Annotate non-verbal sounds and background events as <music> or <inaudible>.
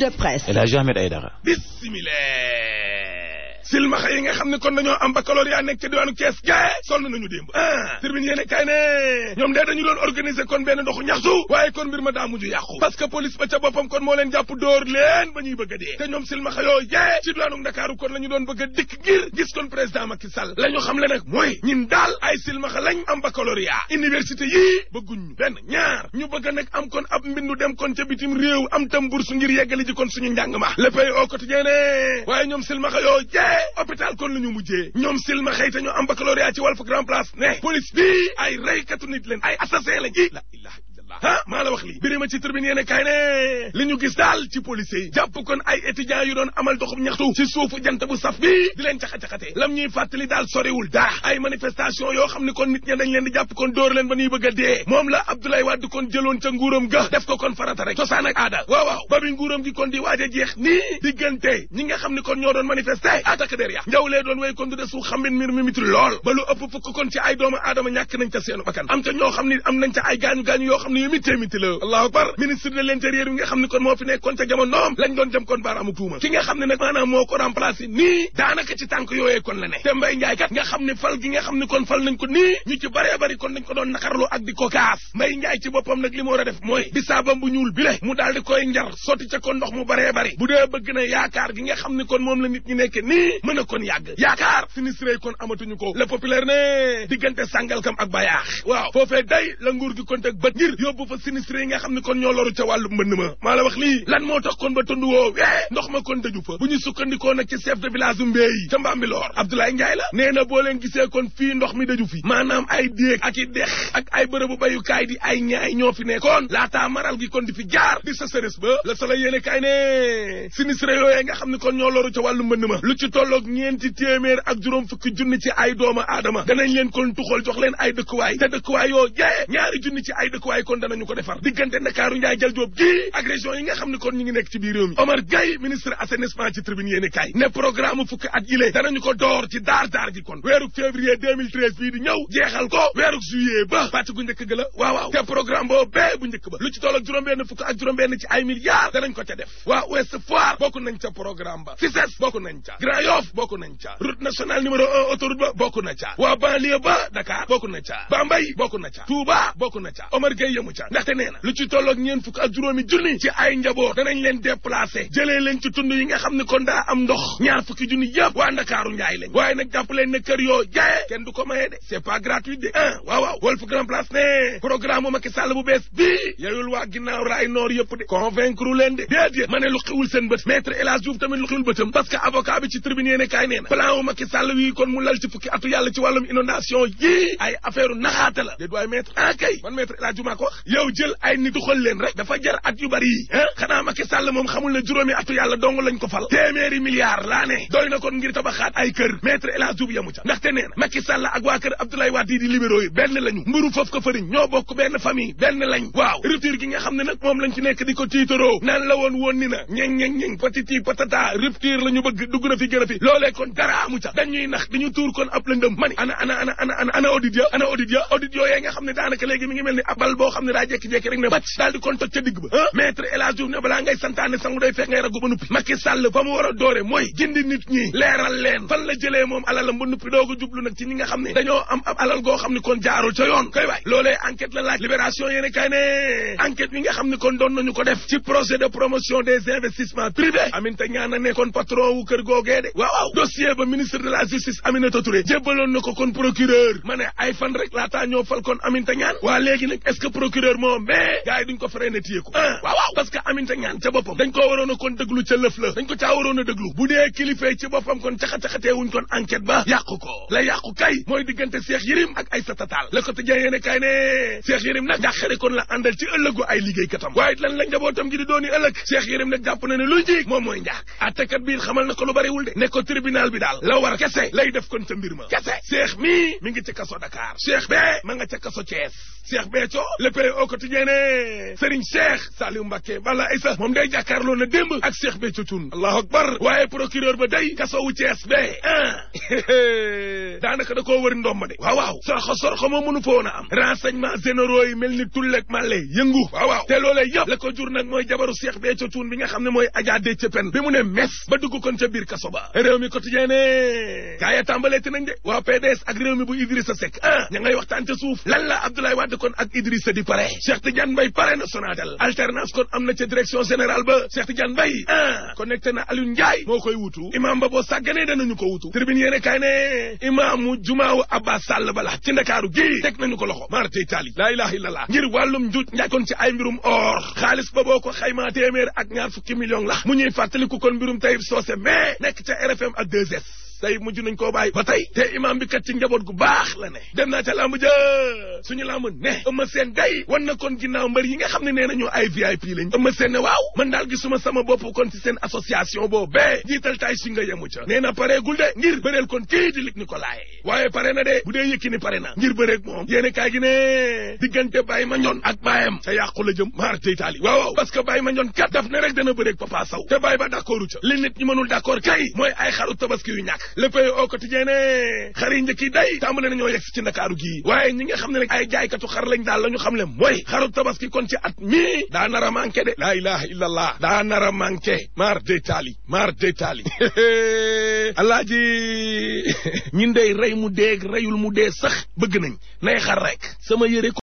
de presse. El Hadji silmaxa yi nga xam ne kon dañoo am baccalauréat nekk ca diwaanu Kees ga sol nañu démb ah tribune yéene kay ne ñoom dee dañu doon organiser kon benn ñax ñaxtu waaye kon mbir ma daa mujj yàqu parce police ba ca boppam kon moo leen jàpp dóor leen ba ñuy bëgg dee te ñoom silmaxa yoo yee ci diwaanu Ndakaaru kon la ñu doon bëgg a dikk ngir gis kon président Macky Sall xam le nag mooy ñin daal ay silmaxa lañ am baccalauréat université yii bëgguñu benn ñaar ñu bëgg a nag am kon ab mbindu dem kon ca bitim réew am tam bourse ngir yeggali kon suñu njàng ma le ñoom silmaxa yoo yee hôpital kon la ñu mujjee ñoom silma xëy te ñu am baccalauréat ci Walf Grand Place ne police bi ay reykatu nit leen ay assassin lañ i la ilaha ah maa la wax lii biri ma ci tribune yéene kaay ne li ñu gis daal ci policiers yi jàpp kon ay étudiants yu doon amal doxub ñaxtu ci suufu jant bu saf bi di leen caxa-caxatee lam ñuy fàttali daal soriwul dara ay manifestation yoo xam ne kon nit ña dañ leen di jàpp kon dóor leen ba ñuy bëgg a moom la Abdoulaye Wade kon jëloon ca nguuram ga def ko kon farata rek cosaan aada waaw waaw ba bi nguuram gi kon di waaj jeex nii diggante ñi nga xam ne kon ñoo doon manifester attaque der ya njaw lee doon way kon am ca ñoo xam ne am yoo xam ne miti miti la allahu akbar ministre de l'intérieur bi nga xam ne kon a moom la nit ñi nekk nii mën a kon yàgg yaakaar sinistré kon amatuñu ko le populaire ne diggante sàngalkam ak bayaax waaw foofee day la nguur gi kon teg bët ngir yóbbu fa sinistre yi nga xam ne kon ñoo loru ca wàllu mbënd ma maa la wax lii lan moo tax kon ba tund woo wee ndox ma kon dëju fa bu ñu sukkandikoo nag ci chef de village mbéy ca Mbambilor Abdoulaye Ndiaye la nee na boo leen gisee kon fii ndox mi dëju fi maanaam ay déeg ak i dex ak ay bërëbu bayukaay di ay ñaay ñoo fi nekkoon laataa maral gi kon di fi jaar di sa sëris ba la sala yéene kaay ne sinistre yooyee nga xam ne kon ñoo loru ca wàllu mbënd ma lu ci tolloog ñeenti téeméer ak juróom fukki junni ci ay doomu aadama danañ leen kon tuxal jox leen ay dëkkuwaay te dëkkuwaay yoo jee ñaari junni danañu ko defar diggante Ndakaaru Njaay jël Jóob gi ak yi nga xam ne kon ñu ngi nekk ci biir Omar Gueye ministre assainissement ci tribune yéene kaay ne programme fukki at yile danañu ko door ci daar daar ji kon weeruk février 2013 bii di ñëw jeexal ko weeruk juillet ba pàcc gu njëkk ga la waaw waaw te programme boobu bee bu njëkk ba lu ci toll ak juróom-benn fukk ak juróom-benn ci ay milliards danañ ko ca def waa Ouest Foire bokk ba FICES bokk nañ ca Grand Yoff ba bokk na ca waa banlieue ba Dakar na ca Bambey bokk na ca Touba bokk na ca Omar ca ndaxte nee na lu ci tolloog ñeen fukk ak juróomi junni ci ay njaboot danañ leen déplacé jëlee leen ci tund yi nga xam ne kon daa am ndox ñaar fukki junni yëpp waa ndakaaru njaay lañ waaye nag jàpp leen ne kër yoo jaayee kenn du ko de c'est pas gratuit de ah waaw waaw Walf Grand Place ne programme Macky Sall bu bees bii yayul waa ginnaaw raay noor yëpp de convaincre leen de déedéet ma ne lu xiwul seen bët maître El Hadj Diouf tamit lu xiwul bëtam parce que avocat bi ci la déet waaye maître ah kay man maître El Hadj yow jël ay nit xol leen rek dafa jar at yu bari yi xanaa Macky Sall moom xamul ne juróomi atu yàlla dong lañ ko fal téeméeri milliards laa ne doy na kon ngir tabaxaat ay kër maître El Hadj Diouf yamu ca ndaxte nee na Macky Sall ak waa kër Abdoulaye Wade di libéraux yi benn lañu mburu foofu ko fëriñ ñoo bokk benn famille benn lañ waaw rupture gi nga ne nag moom lañ ci nekk di ko tiitaroo naan la woon woon ni na ñeng ñeng ñeng patiti patata rupture la ñu bëgg dugg na fi a fi loolee ne daa jékki-jékki rek ne bàcc daal di kon toj ca digg ba ah maître El Hadj Diouf ne balaa ngay santaane sangu day fekk ngay ragu ba nuppi Macky Sall fa mu war a doore mooy nit ñi leeral leen fan la jëlee alalam ba nuppi dooga jublu nag ci ñi nga xam ne dañoo am alal goo xam ne kon jaarul ca yoon koy waay loolee enquête la laaj libération kay ne enquête bi nga xam ne kon doon nañu ko def ci projet de promotion des investissements privés Aminata ñaan na kon patron wu procureur moom mais gars yi duñ ko freiné téye ko ah waaw a a déglu la la ko te jeyeene kay ne Cheikh Yérim nag njàqare kon la àndal ci ëllëgu ay bi daal la war kese lay def kon ca mbir ma kese Cheikh mi mi ngi ca kaso Dakar Cheikh bee ma nga ca kaso Thiès Cheikh bee co le au quotidien ne Serigne Cheikh Saliou Mbacké Balla Aïssa moom day jàkkaarloo na démb ak Cheikh Béthio Thioune allahu akbar waaye procureur ba day kasowu Thiès be ah <laughs> daanaka da koo wër ndomba de waaw waaw sorxo sorxo moo mënu foon a am renseignement généraux yi mel ni tullek màlle yëngu waaw waaw te loolee yëpp la ko jur nag mooy jabaru Cheikh Béthio Thioune bi nga xam ne mooy Adja Déthié Pène bi mu ne mes ba dugg kon ca biir kaso ba réew mi quotidien ne gaa ya te nañ de waa PDS ak réew mi bu Idrissa Seck ah ña yore Cheikh Tidiane Mbaye pare na Sonatel alternance kon am na ca direction général ba Cheikh Tidiane Mbaye ah connecté na Alioune Ndiaye moo koy wutu imaam ba boo sàgganee ñu ko wutu tribune yéene kaay ne imaamu jumaawu Abbas Sall bala ci ndakaaru gi na ñu ko loxo marte itali laa ilaha illallah ngir wàllum njuuj njaakoon ci ay mbirum or xaalis ba boo ko xaymaa téeméer ak ñaar fukki million la mu ñuy fàttaliku kon mbirum Tayib Socé mais nekk ca RFM a 2 tey mujj nañ koo bàyyi ba tey te imaam bi kat ci njaboot gu baax la ne dem naa ca làmb ja suñu làmb ne ëmma seen day wan na kon ginnaaw mbër yi nga xam ne nee nañu ay VIP lañ ëmma seen ne waaw man daal gisuma sama bopp kon ci seen association boobu bee jiital taay si nga yemu ca nee na pareegul de ngir bëreel kon kii lig ni ko laaye waaye pare na de bu dee Yékini pare na ngir bëreeg moom yéene kaay gi ne diggante Baye Mandione ak baayam sa yàqu la jëm maar tey taali waaw parce que Baye mooy ay xaru tabaski le pays au quotidien ne xar yi njëkk yi day tàmbale nañoo yegg ci ndakaaru gii waaye ñi nga xam ne nag ay jaaykatu xar lañ daal la ñu xam le mooy xaru tabaski kon ci at mi daa nar a manqué de laa ilaha illa allah daa nar a manqué maar détaali maar détaali <laughs> alaaji <laughs> ñun dey rey mu deeg reyul mu dee sax bëgg nañ nay xar rek sama yëre